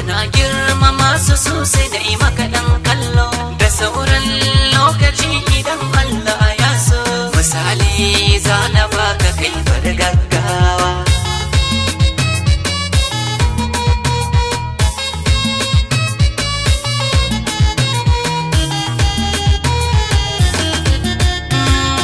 kana girma masu so sai da yi maka dan kallo da sauran lokaci idan Allah ya so misali za na baka kai bar gaggawa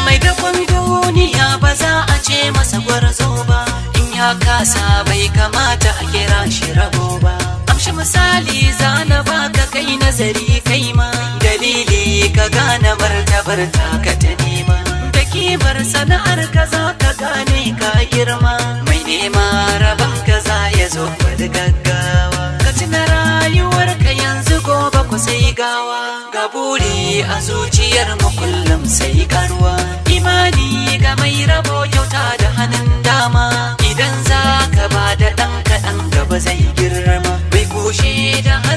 mai dakon duniya ba za a ce masa gwarzo ba in ya kasa bai kamata a kira shi rago ba amshi misali zana baka kai nazari kai ma dalili ka gane barta barta ka ta nema da kimar sana'ar ka za ka gane ka girma mai nema rabon ka za ya zo da gaggawa ka tuna rayuwar ka yanzu gobe ku sai gawa ga buri a zuciyar mu kullum sai karuwa imani ga mai rabo kyauta da hannun dama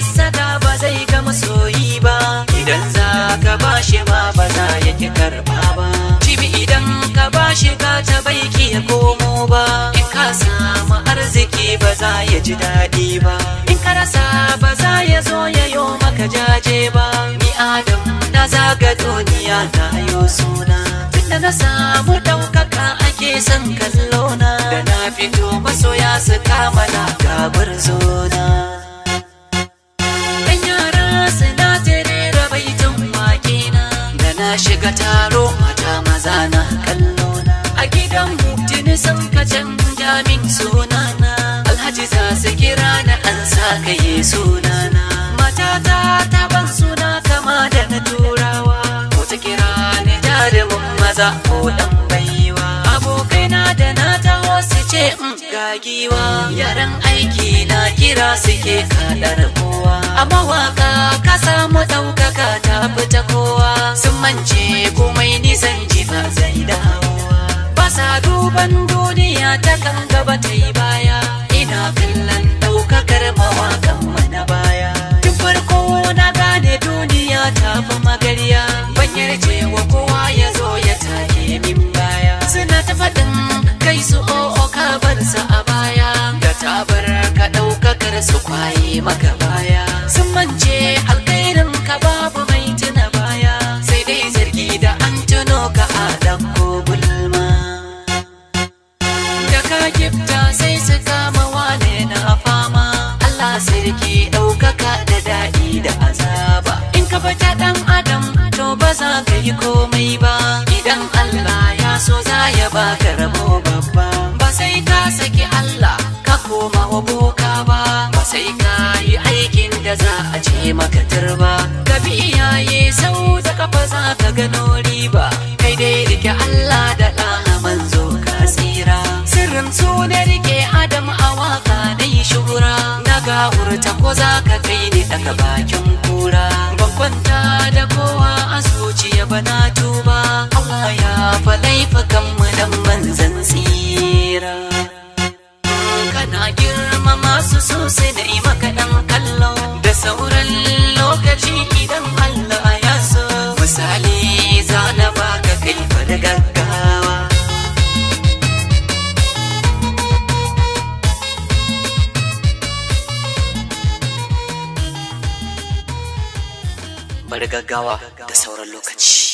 sada ba zai ga masoyi ba idan za ka bashi ma ba za ya ki karba ba jibi idan ka bashi ka ta baiki ya komo ba in ka samu arziki ba za ya ji daɗi ba in ka rasa ba za ya zo ya yo maka jaje ba ni adam na zaga duniya na yo suna tunda na samu ɗaukaka ake son kallona da na fito masoya su kama na gabar zona na shiga taro mata maza na kallo a gidan mu tuni sun ka canja min sunana. alhaji za su kira na an sa kaye suna na matata ta ban suna kama da na turawa ko ta kira ni jarumin maza ko dan baiwa abokaina da na ta wasu ce in gagiwa yaran aiki na kira suke kadar kowa ce komai nisan ji ba zai dawo ba sa duban duniya ta kan gaba ta yi baya ina kallon ɗaukakar mawakan mana baya tun farko na gane duniya ta fi magarya ban yarje wa kowa ya zo ya take min baya suna ta faɗin kai su o'o oh, oh, ka bar su a baya da tabar ka ɗaukakar su kwaye maka yi komai ba idan Allah ya so za ya baka rabo babba ba sai ka saki Allah ka koma aboka ba ba sai ka yi aikin da za a ce maka turba ka bi iyaye sau da kafa za ka gano riba kai dai rike Allah da ɗana manzo ka tsira sirrin su na rike Adam a waka na yi shura na ga'urta ko za ka kai ni daga bakin kura kwanta da kowa a zuciya bana tuba Allah ya fa kan mu dan manzan tsira kana girma masu sosai da dai maka dan kallo da sauran lokaci idan bari gaggawa da sauran lokaci